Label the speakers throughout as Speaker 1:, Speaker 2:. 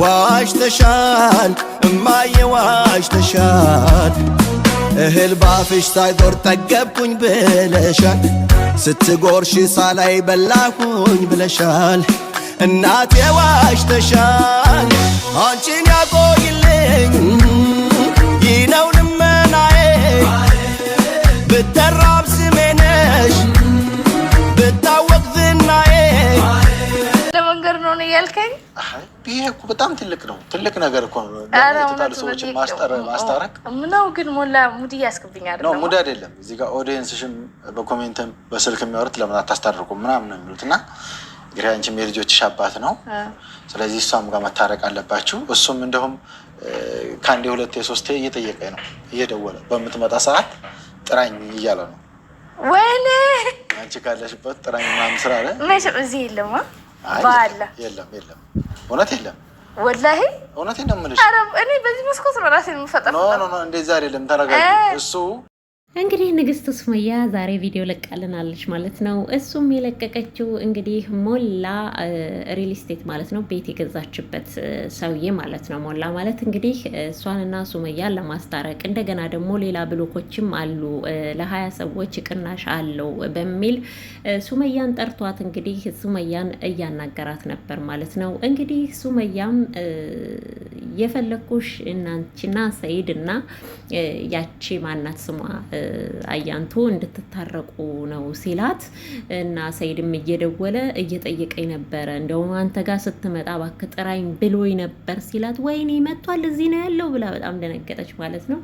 Speaker 1: ዋሽተሻል እማዬ ዋሽተሻል እህል ባፍሽ ሳይዞር ጠገብኩኝ ብለሻል ስትጎርሽ ሳላይ በላኩኝ ብለሻል እናቴ ዋሽተሻል አንቺን ያቆይልኝ ይነው ልመናዬ ብተራብ ስሜነሽ ብታወቅ ዝናዬ
Speaker 2: ለመንገድ ነው ያልከኝ
Speaker 1: ይሄ እኮ በጣም ትልቅ ነው፣ ትልቅ ነገር እኮ ነው። የተጣሉ ሰዎችን ማስታረቅ
Speaker 2: ነው። ግን ሞላ ሙድ እያስገብኛል።
Speaker 1: ነው ሙድ አይደለም። እዚህ ጋር ኦዲየንስሽም በኮሜንትም በስልክ የሚያወሩት ለምን አታስታርቁም ምናምን ነው የሚሉት እና እንግዲህ አንቺም የልጆችሽ አባት ነው። ስለዚህ እሷም ጋር መታረቅ አለባችሁ። እሱም እንደውም ከአንዴ ሁለቴ ሶስቴ እየጠየቀኝ ነው እየደወለ በምትመጣ ሰዓት ጥራኝ እያለ ነው። ወይኔ አንቺ ካለሽበት ጥራኝ ምናምን ስራ አለ።
Speaker 2: እዚህ የለማ በአለ
Speaker 1: የለም የለም፣ እውነት የለም፣ ወላሂ እውነቴን ነው የምልሽ።
Speaker 2: እኔ በዚህ መስኮት ነው እራሴን የምፈጠር።
Speaker 1: ኖ አይደለም። ተረጋጊ እሱ
Speaker 2: እንግዲህ ንግስት ሱመያ ዛሬ ቪዲዮ ለቃልናለች ማለት ነው። እሱም የለቀቀችው እንግዲህ ሞላ ሪል ስቴት ማለት ነው ቤት የገዛችበት ሰውዬ ማለት ነው። ሞላ ማለት እንግዲህ እሷንና ሱመያን ለማስታረቅ እንደገና ደግሞ ሌላ ብሎኮችም አሉ ለሀያ ሰዎች ቅናሽ አለው በሚል ሱመያን ጠርቷት እንግዲህ ሱመያን እያናገራት ነበር ማለት ነው። እንግዲህ ሱመያም የፈለግኩሽ እናንቺና ሰይድ እና ያቺ ማናት ስሟ አያንቱ እንድትታረቁ ነው ሲላት እና ሰይድም እየደወለ እየጠየቀኝ ነበረ። እንደውም አንተ ጋር ስትመጣ እባክህ ጥራኝ ብሎኝ ነበር ሲላት ወይኔ መጥቷል እዚህ ነው ያለው ብላ በጣም ደነገጠች ማለት ነው።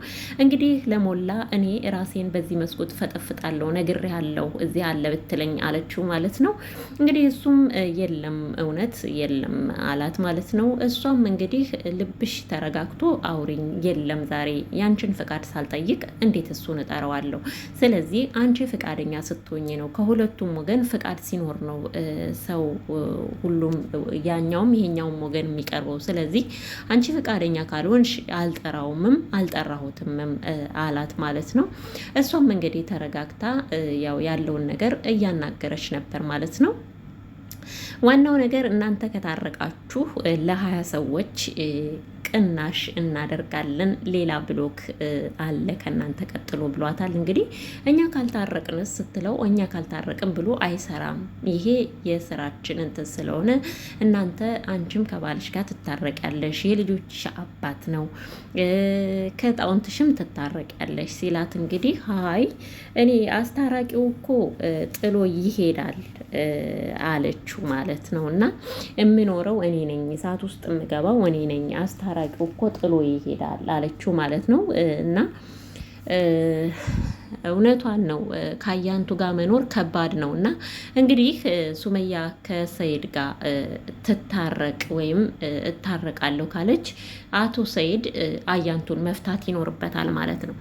Speaker 2: እንግዲህ ለሞላ እኔ ራሴን በዚህ መስኮት ፈጠፍጣለሁ ነግሬሃለሁ፣ እዚህ አለ ብትለኝ አለችው ማለት ነው። እንግዲህ እሱም የለም እውነት የለም አላት ማለት ነው። እሷም እንግዲህ ልብ ብሽ ተረጋግቶ አውሪኝ። የለም ዛሬ ያንቺን ፍቃድ ሳልጠይቅ እንዴት እሱን እጠራዋለሁ? ስለዚህ አንቺ ፍቃደኛ ስትሆኝ ነው። ከሁለቱም ወገን ፍቃድ ሲኖር ነው ሰው ሁሉም ያኛውም ይሄኛውም ወገን የሚቀርበው። ስለዚህ አንቺ ፍቃደኛ ካልሆንሽ አልጠራውምም አልጠራሁትምም አላት ማለት ነው። እሷም እንግዲህ ተረጋግታ ያው ያለውን ነገር እያናገረች ነበር ማለት ነው። ዋናው ነገር እናንተ ከታረቃችሁ ለሀያ ሰዎች ቅናሽ እናደርጋለን፣ ሌላ ብሎክ አለ ከእናንተ ቀጥሎ ብሏታል። እንግዲህ እኛ ካልታረቅን ስትለው እኛ ካልታረቅን ብሎ አይሰራም። ይሄ የስራችን እንትን ስለሆነ እናንተ አንቺም ከባልሽ ጋር ትታረቂያለሽ፣ የልጆችሽ አባት ነው፣ ከጣውንትሽም ትታረቂያለሽ ሲላት እንግዲህ ሀይ እኔ አስታራቂው እኮ ጥሎ ይሄዳል አለችው ማለት ነው። እና የምኖረው እኔ ነኝ፣ እሳት ውስጥ የምገባው እኔ ነኝ፣ አስታራቂው እኮ ጥሎ ይሄዳል አለችው ማለት ነው። እና እውነቷን ነው። ከአያንቱ ጋር መኖር ከባድ ነው እና እንግዲህ ሱመያ ከሰይድ ጋር ትታረቅ ወይም እታረቃለሁ ካለች አቶ ሰይድ አያንቱን መፍታት ይኖርበታል ማለት ነው።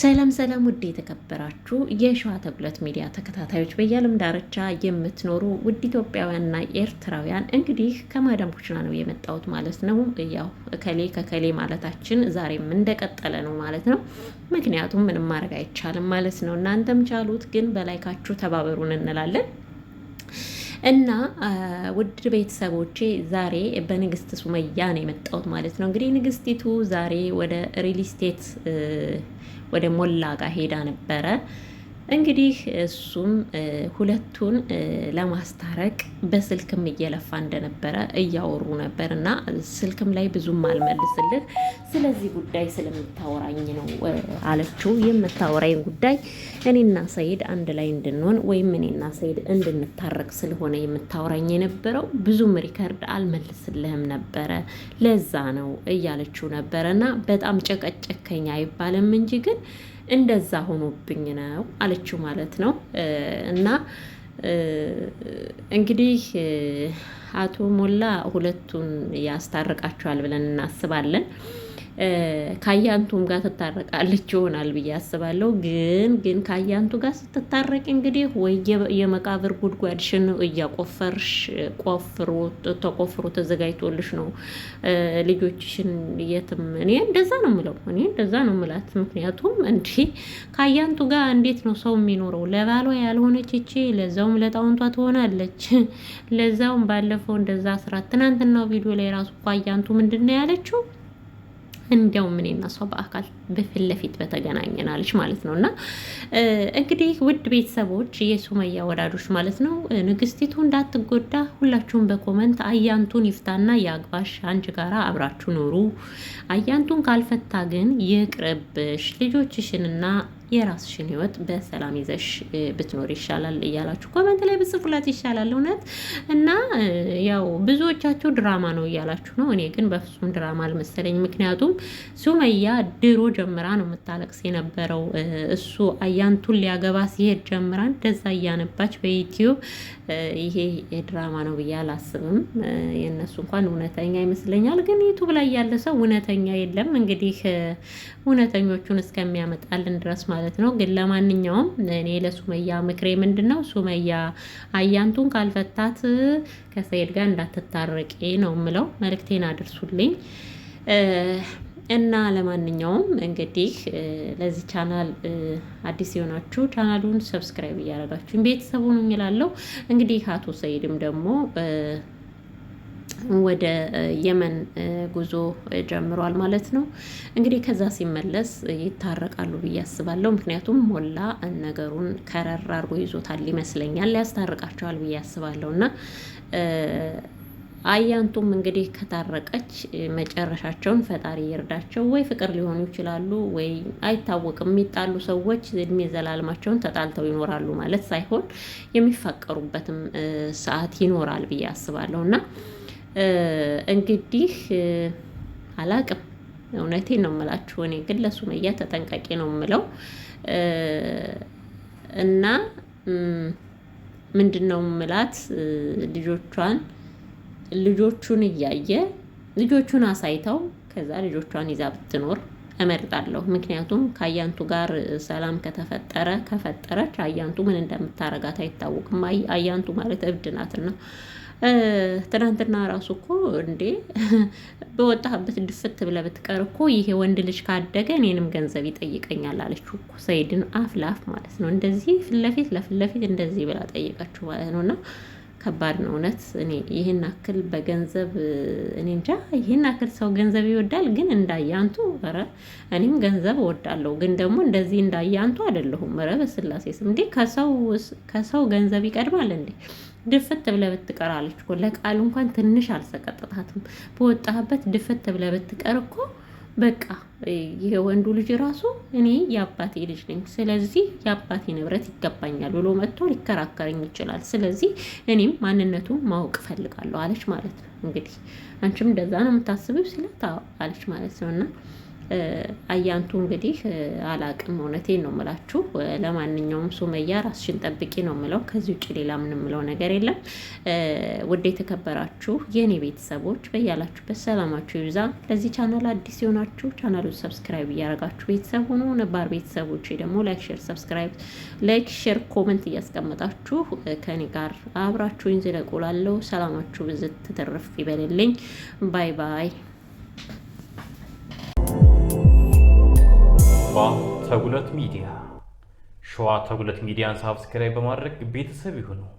Speaker 2: ሰላም ሰላም፣ ውድ የተከበራችሁ የሸዋ ተጉለት ሚዲያ ተከታታዮች በየዓለም ዳርቻ የምትኖሩ ውድ ኢትዮጵያውያንና ኤርትራውያን እንግዲህ ከማዳም ኩችና ነው የመጣሁት ማለት ነው። ያው እከሌ ከከሌ ማለታችን ዛሬም እንደቀጠለ ነው ማለት ነው። ምክንያቱም ምንም ማድረግ አይቻልም ማለት ነው። እናንተም ቻሉት፣ ግን በላይካችሁ ተባበሩን እንላለን። እና ውድ ቤተሰቦቼ ዛሬ በንግስት ሱመያ ነው የመጣሁት ማለት ነው። እንግዲህ ንግስቲቱ ዛሬ ወደ ሪል ስቴት ወደ ሞላ ጋር ሄዳ ነበረ እንግዲህ እሱም ሁለቱን ለማስታረቅ በስልክም እየለፋ እንደነበረ እያወሩ ነበር እና ስልክም ላይ ብዙም አልመልስልህ ስለዚህ ጉዳይ ስለምታወራኝ ነው አለችው። የምታወራኝ ጉዳይ እኔና ሰይድ አንድ ላይ እንድንሆን ወይም እኔና ሰይድ እንድንታረቅ ስለሆነ የምታወራኝ የነበረው ብዙም ሪከርድ አልመልስልህም ነበረ ለዛ ነው እያለችው ነበረ እና በጣም ጨቀጨከኝ አይባልም እንጂ ግን እንደዛ ሆኖብኝ ነው አለችው ማለት ነው እና እንግዲህ አቶ ሞላ ሁለቱን ያስታርቃቸዋል ብለን እናስባለን። ከአያንቱም ጋር ትታረቃለች ይሆናል ብዬ አስባለሁ። ግን ግን ከአያንቱ ጋር ስትታረቅ እንግዲህ ወይ የመቃብር ጉድጓድሽን እያቆፈርሽ ቆፍሮ ተቆፍሮ ተዘጋጅቶልሽ ነው ልጆችሽን የትም እኔ እንደዛ ነው ምለው እኔ እንደዛ ነው ምላት። ምክንያቱም እንዲህ ከአያንቱ ጋር እንዴት ነው ሰው የሚኖረው? ለባሏ ያልሆነች እቺ ለዛውም ለጣውንቷ ትሆናለች። ለዛውም ባለፈው እንደዛ ስራት ትናንትናው ቪዲዮ ላይ ራሱ እኮ አያንቱ ምንድን ነው ያለችው? እንዲያውም እኔና እሷ በአካል በፊት ለፊት በተገናኘናለች ማለት ነው። እና እንግዲህ ውድ ቤተሰቦች የሱመያ ወዳዶች ማለት ነው ንግስቲቱ እንዳትጎዳ ሁላችሁም በኮመንት አያንቱን ይፍታና የአግባሽ አንቺ ጋራ አብራችሁ ኑሩ፣ አያንቱን ካልፈታ ግን ይቅርብሽ ልጆችሽንና የራስሽን ህይወት በሰላም ይዘሽ ብትኖር ይሻላል እያላችሁ ኮመንት ላይ ብጽፉላት ይሻላል እውነት። እና ያው ብዙዎቻችሁ ድራማ ነው እያላችሁ ነው። እኔ ግን በፍጹም ድራማ አልመሰለኝ። ምክንያቱም ሱመያ ድሮ ጀምራ ነው የምታለቅስ የነበረው። እሱ አያንቱን ሊያገባ ሲሄድ ጀምራ እንደዛ እያነባች በዩትዩብ ይሄ ድራማ ነው ብዬ አላስብም። የእነሱ እንኳን እውነተኛ ይመስለኛል። ግን ዩቱብ ላይ ያለ ሰው እውነተኛ የለም። እንግዲህ እውነተኞቹን እስከሚያመጣልን ድረስ ማለት ማለት ነው። ግን ለማንኛውም እኔ ለሱመያ ምክሬ ምንድን ነው? ሱመያ አያንቱን ካልፈታት ከሰይድ ጋር እንዳትታረቂ ነው የምለው። መልእክቴን አድርሱልኝ እና ለማንኛውም እንግዲህ ለዚህ ቻናል አዲስ የሆናችሁ ቻናሉን ሰብስክራይብ እያደረጋችሁ ቤተሰቡን ይላለው እንግዲህ አቶ ሰይድም ደግሞ ወደ የመን ጉዞ ጀምሯል ማለት ነው። እንግዲህ ከዛ ሲመለስ ይታረቃሉ ብዬ አስባለሁ። ምክንያቱም ሞላ ነገሩን ከረር አድርጎ ይዞታል ይመስለኛል። ያስታርቃቸዋል ብዬ አስባለሁ እና አያንቱም እንግዲህ ከታረቀች መጨረሻቸውን ፈጣሪ ይርዳቸው። ወይ ፍቅር ሊሆኑ ይችላሉ፣ ወይ አይታወቅም። የሚጣሉ ሰዎች እድሜ ዘላለማቸውን ተጣልተው ይኖራሉ ማለት ሳይሆን የሚፋቀሩበትም ሰዓት ይኖራል ብዬ አስባለሁ እና እንግዲህ አላቅም። እውነቴን ነው የምላችሁ። እኔ ግን ለሱመያ ተጠንቃቂ ነው የምለው እና ምንድን ነው ምላት ልጆቿን ልጆቹን እያየ ልጆቹን አሳይተው ከዛ ልጆቿን ይዛ ብትኖር እመርጣለሁ። ምክንያቱም ከአያንቱ ጋር ሰላም ከተፈጠረ ከፈጠረች አያንቱ ምን እንደምታረጋት አይታወቅም። አያንቱ ማለት እብድ ናትና ትናንትና ራሱ እኮ እንዴ በወጣበት ድፍት ብለህ ብትቀር እኮ ይሄ ወንድ ልጅ ካደገ እኔንም ገንዘብ ይጠይቀኛል አለችው እኮ ሰይድን አፍ ለአፍ ማለት ነው። እንደዚህ ፊት ለፊት ለፊት ለፊት እንደዚህ ብላ ጠይቃችሁ ማለት ነው እና ከባድ ነው እውነት። እኔ ይህን አክል በገንዘብ እኔ እንጃ፣ ይህን አክል ሰው ገንዘብ ይወዳል። ግን እንዳያንቱ ረ እኔም ገንዘብ እወዳለሁ፣ ግን ደግሞ እንደዚህ እንዳያንቱ አይደለሁም። ረ በስላሴ ስም እንዴ! ከሰው ገንዘብ ይቀድማል እንዴ? ድፍት ብለህ ብትቀር አለች እኮ ለቃሉ እንኳን ትንሽ አልሰቀጥታትም። በወጣህበት ድፍት ብለህ ብትቀር እኮ በቃ ይሄ ወንዱ ልጅ ራሱ እኔ የአባቴ ልጅ ነኝ፣ ስለዚህ የአባቴ ንብረት ይገባኛል ብሎ መጥቶ ሊከራከረኝ ይችላል። ስለዚህ እኔም ማንነቱን ማወቅ እፈልጋለሁ አለች ማለት ነው። እንግዲህ አንቺም እንደዛ ነው የምታስበው ሲላት አለች ማለት ነው እና አያንቱ እንግዲህ አላቅም፣ እውነቴን ነው የምላችሁ። ለማንኛውም ሱመያ ራስሽን ጠብቂ ነው የምለው። ከዚህ ውጭ ሌላ ምን የምለው ነገር የለም። ውድ የተከበራችሁ የእኔ ቤተሰቦች በያላችሁበት ሰላማችሁ ይብዛ። ለዚህ ቻናል አዲስ የሆናችሁ ቻናሉ ሰብስክራይብ እያደረጋችሁ ቤተሰብ ሆኖ ነባር ቤተሰቦች ደግሞ ላይክ፣ ሼር፣ ሰብስክራይብ፣ ላይክ፣ ሼር፣ ኮመንት እያስቀመጣችሁ ከኔ ጋር አብራችሁኝ ዝለቁላለሁ። ሰላማችሁ ብዝት ትርፍ ይበልልኝ። ባይ ባይ። ሸዋ ተጉለት ሚዲያ ሸዋ ተጉለት ሚዲያን ሳብስክራይብ በማድረግ ቤተሰብ ይሁኑ።